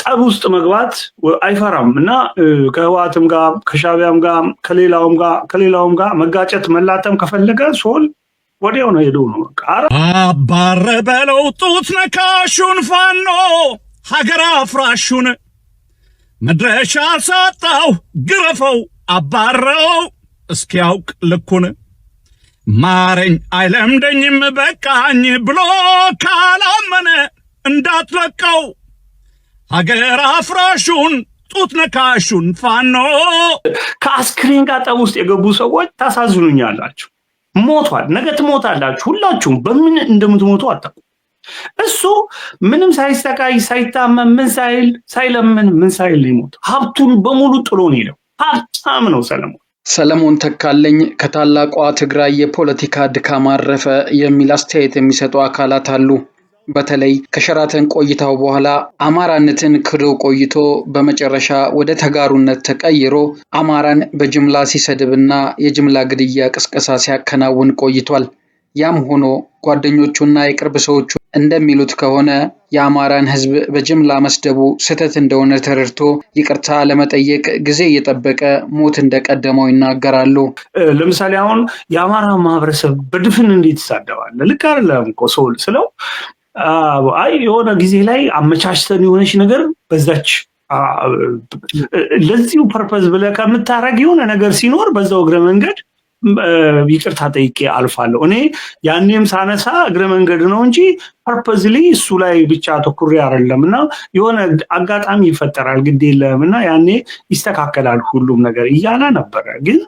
ጠብ ውስጥ መግባት አይፈራም እና ከህወሓትም ጋር ከሻቢያም ጋር ከሌላውም ጋር ከሌላውም ጋር መጋጨት መላተም ከፈለገ ሶል ወዲያው ነው ሄዱ ነው አባረ በለው ጡት ነካሹን ፋኖ ሀገር አፍራሹን መድረሻ ሳጣው ግረፈው አባረው እስኪያውቅ ልኩን ማረኝ አይለምደኝም በቃኝ ብሎ ካላመነ እንዳትለቀው ሀገር አፍራሹን ጡት ነካሹን ፋኖ ከአስክሬን ጋጠም ውስጥ የገቡ ሰዎች ታሳዝኑኛላችሁ። ሞቷል፣ ነገ ትሞታላችሁ። ሁላችሁም በምን እንደምትሞቱ አታውቁም። እሱ ምንም ሳይሰቃይ ሳይታመም ምን ሳይል ሳይለምን ምን ሳይል ይሞት ሀብቱን በሙሉ ጥሎ ነው የሄደው። ሀብታም ነው ሰለሞን። ሰለሞን ተካለኝ ከታላቋ ትግራይ የፖለቲካ ድካም አረፈ የሚል አስተያየት የሚሰጡ አካላት አሉ። በተለይ ከሸራተን ቆይታው በኋላ አማራነትን ክዶ ቆይቶ በመጨረሻ ወደ ተጋሩነት ተቀይሮ አማራን በጅምላ ሲሰድብና የጅምላ ግድያ ቅስቀሳ ሲያከናውን ቆይቷል። ያም ሆኖ ጓደኞቹና የቅርብ ሰዎቹ እንደሚሉት ከሆነ የአማራን ሕዝብ በጅምላ መስደቡ ስህተት እንደሆነ ተረድቶ ይቅርታ ለመጠየቅ ጊዜ እየጠበቀ ሞት እንደቀደመው ይናገራሉ። ለምሳሌ አሁን የአማራ ማህበረሰብ በድፍን እንዴት ይሳደባል? ልክ አይደለም እኮ ሰው ስለው አይ የሆነ ጊዜ ላይ አመቻችተን የሆነች ነገር በዛች ለዚሁ ፐርፐዝ ብለ ከምታረግ የሆነ ነገር ሲኖር በዛው እግረ መንገድ ይቅርታ ጠይቄ አልፋለሁ። እኔ ያኔም ሳነሳ እግረ መንገድ ነው እንጂ ፐርፐዝሊ እሱ ላይ ብቻ ትኩሬ አይደለም እና የሆነ አጋጣሚ ይፈጠራል፣ ግድ የለም እና ያኔ ይስተካከላል ሁሉም ነገር እያለ ነበረ ግን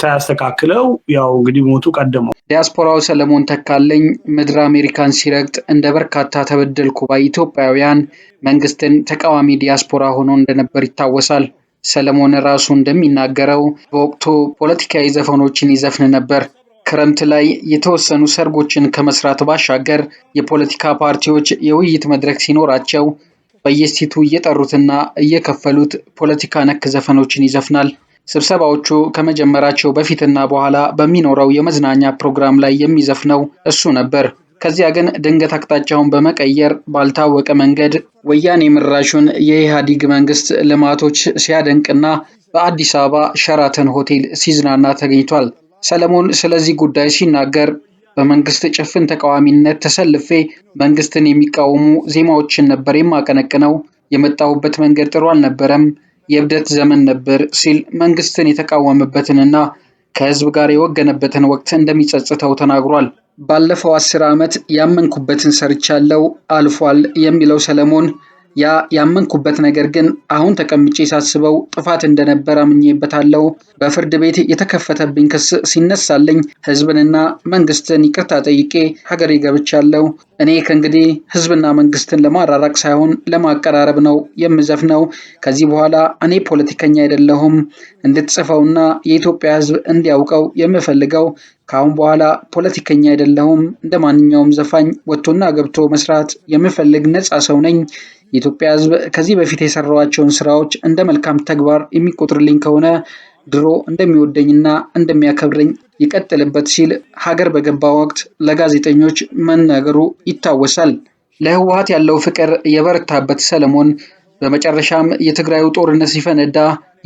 ሳያስተካክለው ያው እንግዲህ ሞቱ ቀደመው። ዲያስፖራው ሰለሞን ተካለኝ ምድር አሜሪካን ሲረግጥ እንደ በርካታ ተበደልኩ ባይ ኢትዮጵያውያን መንግስትን ተቃዋሚ ዲያስፖራ ሆኖ እንደነበር ይታወሳል። ሰለሞን ራሱ እንደሚናገረው በወቅቱ ፖለቲካዊ ዘፈኖችን ይዘፍን ነበር። ክረምት ላይ የተወሰኑ ሰርጎችን ከመስራት ባሻገር የፖለቲካ ፓርቲዎች የውይይት መድረክ ሲኖራቸው በየስቲቱ እየጠሩትና እየከፈሉት ፖለቲካ ነክ ዘፈኖችን ይዘፍናል። ስብሰባዎቹ ከመጀመራቸው በፊትና በኋላ በሚኖረው የመዝናኛ ፕሮግራም ላይ የሚዘፍነው እሱ ነበር። ከዚያ ግን ድንገት አቅጣጫውን በመቀየር ባልታወቀ መንገድ ወያኔ ምራሹን የኢህአዲግ መንግስት ልማቶች ሲያደንቅና በአዲስ አበባ ሸራተን ሆቴል ሲዝናና ተገኝቷል። ሰለሞን ስለዚህ ጉዳይ ሲናገር በመንግስት ጭፍን ተቃዋሚነት ተሰልፌ መንግስትን የሚቃወሙ ዜማዎችን ነበር የማቀነቅነው። የመጣሁበት መንገድ ጥሩ አልነበረም። የእብደት ዘመን ነበር ሲል መንግስትን የተቃወመበትንና ከህዝብ ጋር የወገነበትን ወቅት እንደሚጸጽተው ተናግሯል። ባለፈው አስር ዓመት ያመንኩበትን ሰርቻለሁ፣ አልፏል የሚለው ሰለሞን ያ ያመንኩበት ነገር ግን አሁን ተቀምጬ ሳስበው ጥፋት እንደነበር አምኜበታለሁ። በፍርድ ቤት የተከፈተብኝ ክስ ሲነሳልኝ ህዝብንና መንግስትን ይቅርታ ጠይቄ ሀገሬ ገብቻለሁ። እኔ ከእንግዲህ ህዝብና መንግስትን ለማራራቅ ሳይሆን ለማቀራረብ ነው የምዘፍነው። ከዚህ በኋላ እኔ ፖለቲከኛ አይደለሁም። እንድትጽፈውና የኢትዮጵያ ህዝብ እንዲያውቀው የምፈልገው ከአሁን በኋላ ፖለቲከኛ አይደለሁም። እንደ ማንኛውም ዘፋኝ ወጥቶና ገብቶ መስራት የምፈልግ ነፃ ሰው ነኝ። የኢትዮጵያ ሕዝብ ከዚህ በፊት የሰራኋቸውን ስራዎች እንደ መልካም ተግባር የሚቆጥርልኝ ከሆነ ድሮ እንደሚወደኝና እንደሚያከብረኝ ይቀጥልበት ሲል ሀገር በገባ ወቅት ለጋዜጠኞች መናገሩ ይታወሳል። ለህወሀት ያለው ፍቅር የበረታበት ሰለሞን በመጨረሻም የትግራዩ ጦርነት ሲፈነዳ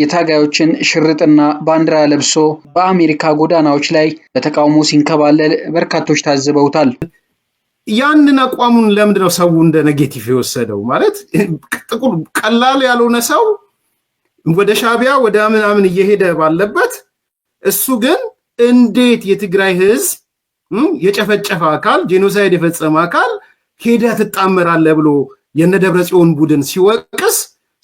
የታጋዮችን ሽርጥና ባንዲራ ለብሶ በአሜሪካ ጎዳናዎች ላይ በተቃውሞ ሲንከባለል በርካቶች ታዝበውታል። ያንን አቋሙን ለምንድን ነው ሰው እንደ ኔጌቲቭ የወሰደው? ማለት ጥቁር ቀላል ያልሆነ ሰው ወደ ሻቢያ ወደ ምናምን እየሄደ ባለበት እሱ ግን እንዴት የትግራይ ህዝብ የጨፈጨፈ አካል ጄኖሳይድ የፈጸመ አካል ሄደ ትጣመራለህ ብሎ የነ ደብረ ጽዮን ቡድን ሲወቅስ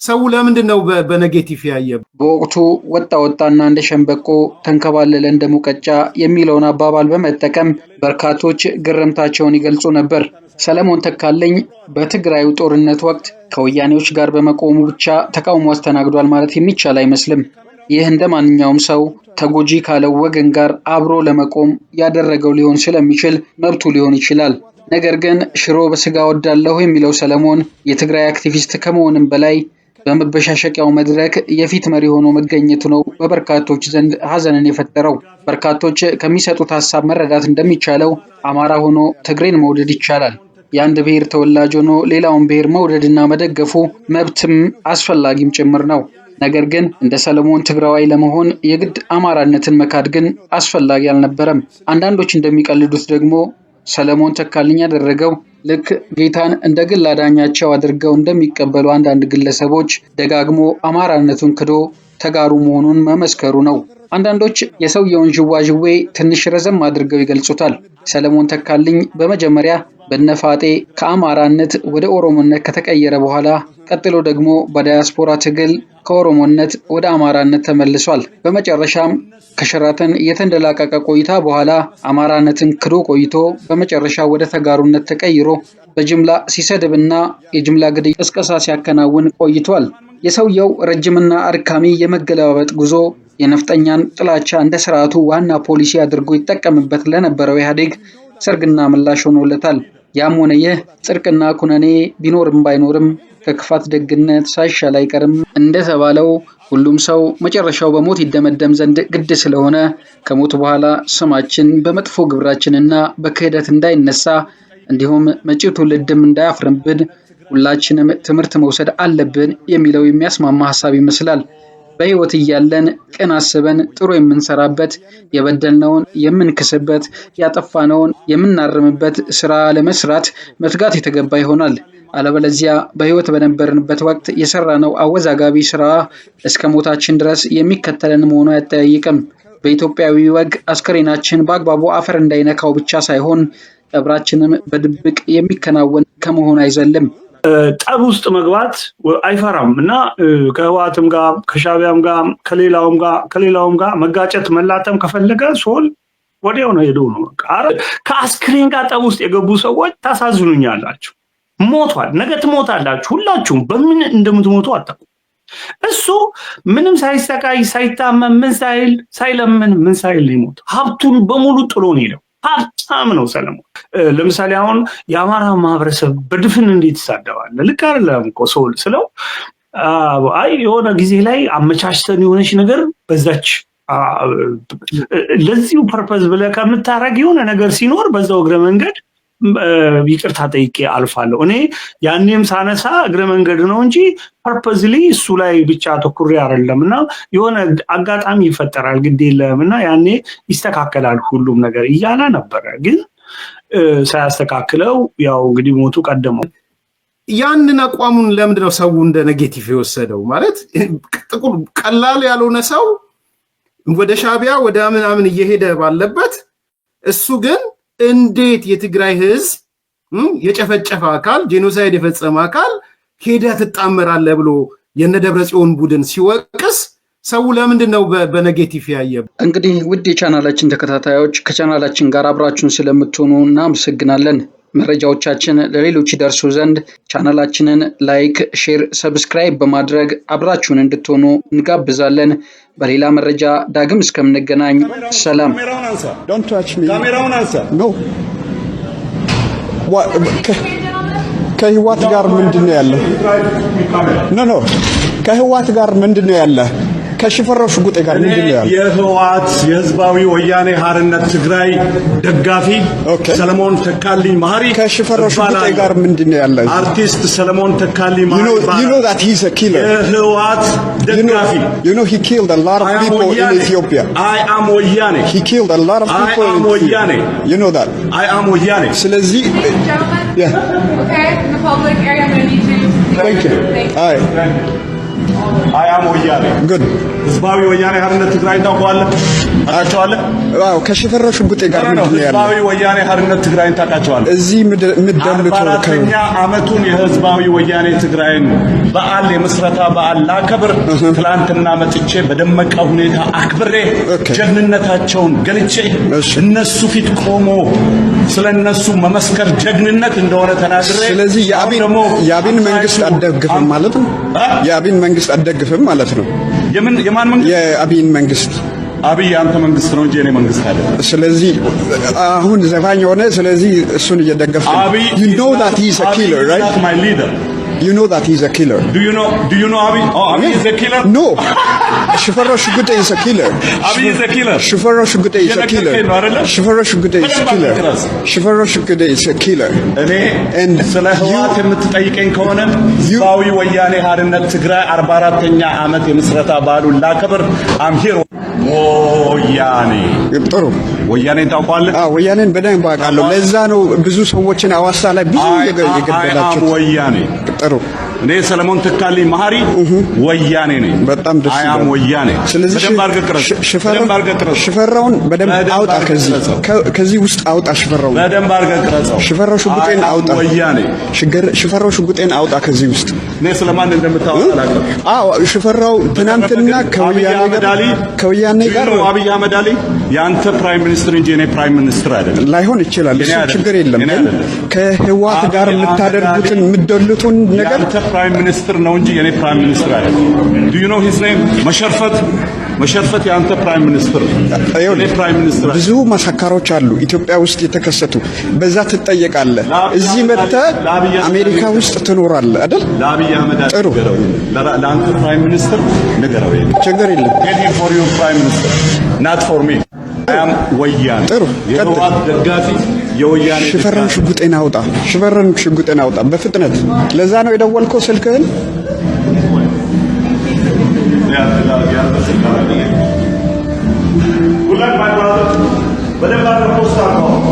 ሰው ለምንድን ነው በኔጌቲቭ ያየ? በወቅቱ ወጣ ወጣና እንደ ሸንበቆ ተንከባለለ እንደ ሙቀጫ የሚለውን አባባል በመጠቀም በርካቶች ግርምታቸውን ይገልጹ ነበር። ሰለሞን ተካልኝ በትግራዩ ጦርነት ወቅት ከወያኔዎች ጋር በመቆሙ ብቻ ተቃውሞ አስተናግዷል ማለት የሚቻል አይመስልም። ይህ እንደ ማንኛውም ሰው ተጎጂ ካለው ወገን ጋር አብሮ ለመቆም ያደረገው ሊሆን ስለሚችል መብቱ ሊሆን ይችላል። ነገር ግን ሽሮ በስጋ ወዳለሁ የሚለው ሰለሞን የትግራይ አክቲቪስት ከመሆንም በላይ በመበሻሸቂያው መድረክ የፊት መሪ ሆኖ መገኘቱ ነው በበርካቶች ዘንድ ሀዘንን የፈጠረው። በርካቶች ከሚሰጡት ሀሳብ መረዳት እንደሚቻለው አማራ ሆኖ ትግሬን መውደድ ይቻላል። የአንድ ብሔር ተወላጅ ሆኖ ሌላውን ብሔር መውደድና መደገፉ መብትም አስፈላጊም ጭምር ነው። ነገር ግን እንደ ሰለሞን ትግራዋይ ለመሆን የግድ አማራነትን መካድ ግን አስፈላጊ አልነበረም። አንዳንዶች እንደሚቀልዱት ደግሞ ሰለሞን ተካልኝ ያደረገው ልክ ጌታን እንደ ግል አዳኛቸው አድርገው እንደሚቀበሉ አንዳንድ ግለሰቦች ደጋግሞ አማራነቱን ክዶ ተጋሩ መሆኑን መመስከሩ ነው። አንዳንዶች የሰውየውን ዥዋዥዌ ትንሽ ረዘም አድርገው ይገልጹታል። ሰለሞን ተካልኝ በመጀመሪያ በነፋጤ ከአማራነት ወደ ኦሮሞነት ከተቀየረ በኋላ ቀጥሎ ደግሞ በዳያስፖራ ትግል ከኦሮሞነት ወደ አማራነት ተመልሷል። በመጨረሻም ከሸራተን የተንደላቀቀ ቆይታ በኋላ አማራነትን ክዶ ቆይቶ በመጨረሻ ወደ ተጋሩነት ተቀይሮ በጅምላ ሲሰድብና የጅምላ ግድያ ቅስቀሳ ሲያከናውን ቆይቷል። የሰውየው ረጅምና አድካሚ የመገለባበጥ ጉዞ የነፍጠኛን ጥላቻ እንደ ስርዓቱ ዋና ፖሊሲ አድርጎ ይጠቀምበት ለነበረው ኢህአዴግ ሰርግና ምላሽ ሆኖለታል። ያም ሆነ ይህ ጽድቅና ኩነኔ ቢኖርም ባይኖርም ከክፋት ደግነት ሳይሻል አይቀርም እንደተባለው ሁሉም ሰው መጨረሻው በሞት ይደመደም ዘንድ ግድ ስለሆነ ከሞት በኋላ ስማችን በመጥፎ ግብራችንና በክህደት እንዳይነሳ እንዲሁም መጪው ትውልድም እንዳያፍርብን ሁላችንም ትምህርት መውሰድ አለብን የሚለው የሚያስማማ ሀሳብ ይመስላል። በህይወት እያለን ቅን አስበን ጥሩ የምንሰራበት፣ የበደልነውን የምንክስበት፣ ያጠፋነውን የምናርምበት ስራ ለመስራት መትጋት የተገባ ይሆናል። አለበለዚያ በህይወት በነበርንበት ወቅት የሰራነው አወዛጋቢ ስራ እስከ ሞታችን ድረስ የሚከተለን መሆኑ አያጠያይቅም። በኢትዮጵያዊ ወግ አስከሬናችን በአግባቡ አፈር እንዳይነካው ብቻ ሳይሆን ቀብራችንም በድብቅ የሚከናወን ከመሆን አይዘልም። ጠብ ውስጥ መግባት አይፈራም እና ከህወሓትም ጋር ከሻቢያም ጋር ከሌላውም ጋር ከሌላውም ጋር መጋጨት መላተም ከፈለገ ሶል ወዲያው ነው ሄደው ነው። ከአስክሬን ጋር ጠብ ውስጥ የገቡ ሰዎች ታሳዝኑኛላችሁ። ሞቷል፣ ነገ ትሞታላችሁ። ሁላችሁም በምን እንደምትሞቱ አታውቁም። እሱ ምንም ሳይሰቃይ ሳይታመም ምን ሳይል ሳይለምን ምን ሳይል ሊሞት ሀብቱን በሙሉ ጥሎ ነው ሄደው ሳም ነው ሰለሞን። ለምሳሌ አሁን የአማራ ማህበረሰብ በድፍን እንዴት ይሳደባል? ልክ አይደለም እኮ ስለው አይ የሆነ ጊዜ ላይ አመቻችተን የሆነች ነገር በዛች ለዚሁ ፐርፐዝ ብለህ ከምታረግ የሆነ ነገር ሲኖር በዛው እግረ መንገድ ይቅርታ ጠይቄ አልፋለሁ። እኔ ያኔም ሳነሳ እግረ መንገድ ነው እንጂ ፐርፐዝሊ እሱ ላይ ብቻ ተኩሬ አይደለም እና የሆነ አጋጣሚ ይፈጠራል፣ ግድ የለም እና ያኔ ይስተካከላል ሁሉም ነገር እያለ ነበረ። ግን ሳያስተካክለው ያው እንግዲህ ሞቱ ቀደመው። ያንን አቋሙን ለምንድነው ሰው እንደ ኔጌቲቭ የወሰደው? ማለት ጥቁር ቀላል ያልሆነ ሰው ወደ ሻቢያ ወደ ምናምን እየሄደ ባለበት እሱ ግን እንዴት የትግራይ ህዝብ የጨፈጨፈ አካል ጄኖሳይድ የፈጸመ አካል ሄደህ ትጣመራለህ ብሎ የነ ደብረ ጽዮን ቡድን ሲወቅስ ሰው ለምንድን ነው በኔጌቲቭ ያየ? እንግዲህ ውድ የቻናላችን ተከታታዮች ከቻናላችን ጋር አብራችሁን ስለምትሆኑ እናመሰግናለን። መረጃዎቻችን ለሌሎች ይደርሱ ዘንድ ቻናላችንን ላይክ፣ ሼር፣ ሰብስክራይብ በማድረግ አብራችሁን እንድትሆኑ እንጋብዛለን። በሌላ መረጃ ዳግም እስከምንገናኝ ሰላም። ከህዋት ጋር ምንድን ነው ያለ? ከህዋት ጋር ምንድን ነው ያለ? ከሽፈራው ሽጉጤ ጋር ምንድን ነው ያለው? የህወሓት የህዝባዊ ወያኔ ሓርነት ትግራይ ደጋፊ ሰለሞን ተካልኝ ማህሪ ከሽፈራው ሽጉጤ ጋር ምንድን ነው ያለው? አርቲስት ሰለሞን ተካልኝ ማህሪ you know that he's a killer የህወሓት ደጋፊ you know he killed a lot of people in Ethiopia I am ወያኔ he killed a lot of people in Ethiopia you know that I am ወያኔ ስለዚህ yeah okay in the public area I'm going to need you thank you all right አያም ወያኔ ግን ህዝባዊ ወያኔ ሀርነት ትግራይ ታውቀዋለህ? ታውቃቸዋለህ? አዎ፣ ከሽፈራው ሽጉጤ ጋር ነው ያለው። ህዝባዊ ወያኔ ሀርነት ትግራይ ታውቃቸዋለህ? እዚህ ምደምቶ ከኛ አመቱን የህዝባዊ ወያኔ ትግራይን በዓል የምስረታ በዓል ላከብር ትላንትና መጥቼ በደመቀ ሁኔታ አክብሬ ጀግንነታቸውን ገልጬ እነሱ ፊት ቆሞ ስለ እነሱ መመስከር ጀግንነት እንደሆነ ተናግሬ ስለዚህ የአብን መንግስት አደግፍም ማለት ነው የአብን መንግስት አትደግፍም ማለት ነው። የምን የማን መንግስት? የአብይን መንግስት። አብይ አንተ መንግስት ነው እንጂ የኔ መንግስት አለ። ስለዚህ አሁን ዘፋኝ ሆነ። ስለዚህ እሱን እየደገፍክ ነው። You know that he's a killer. Do you know? Do you know Abi? Oh, Abi yeah. is a killer. No, Shifaro Shugute is a killer. Abi is a killer. Shifaro Shugute is a killer. Shifaro Shugute is a killer. Shifaro Shugute is a killer. እኔ ስለ ህወሓት የምትጠይቀኝ ከሆነ ህዝባዊ ወያኔ ሓርነት ትግራይ 44ኛ ዓመት የምስረታ በዓሉን ላከብር አምሂር ወያኔ ጥሩ ወያኔ ታውቀዋለህ? አዎ ወያኔን በደንብ አውቃለሁ። ለዛ ነው ብዙ ሰዎችን አዋሳ ላይ ብዙ የገደላቸው ወያኔ ጥሩ እኔ ሰለሞን ተካልኝ መሀሪ ወያኔ ነኝ። በጣም ደስ ይላል። አያም ወያኔ ስለዚህ ሽፈራውን በደንብ አውጣ፣ ከዚህ ከዚህ ውስጥ አውጣ። ሽፈራውን በደንብ አድርገህ ቅረጸው። ሽፈራው ሽጉጤን አውጣ። ወያኔ ሽገር ሽፈራው ሽጉጤን አውጣ ከዚህ ውስጥ። እኔ ስለማን እንደምታወራ አላውቅም። አዎ ሽፈራው ትናንትና ከወያኔ ጋር ከወያኔ አብይ አህመድ አሊ የአንተ ፕራይም ሚኒስትር እንጂ እኔ ፕራይም ሚኒስትር አይደለም። ላይሆን ይችላል፣ ችግር የለም። ከህዋት ጋር የምታደርጉትን የምትደልቱን ነገር ፕራይም ሚኒስትር ነው እንጂ የኔ ፕራይም ሚኒስትር አይደለም። ዱ ዩ ኖ ሂዝ ኔም መሸርፈት መሸርፈት የአንተ ፕራይም ሚኒስትር ነው። ብዙ ማሳካሮች አሉ ኢትዮጵያ ውስጥ የተከሰቱ፣ በዛ ትጠየቃለህ። እዚህ መጥተህ አሜሪካ ውስጥ ትኖራለህ አይደል? ጥሩ ለአንተ ፕራይም ሚኒስትር ንገረው፣ ችግር የለም። ፎር ዩ ፕራይም ሚኒስትር ናት ፎር ሚ ወያኔ የህወሓት ደጋፊ የወያኔ ሽፈረን ሽጉጤን አውጣ፣ ሽፈረን ሽጉጤን አውጣ በፍጥነት ለዛ ነው የደወልከው ስልክህን ሁለት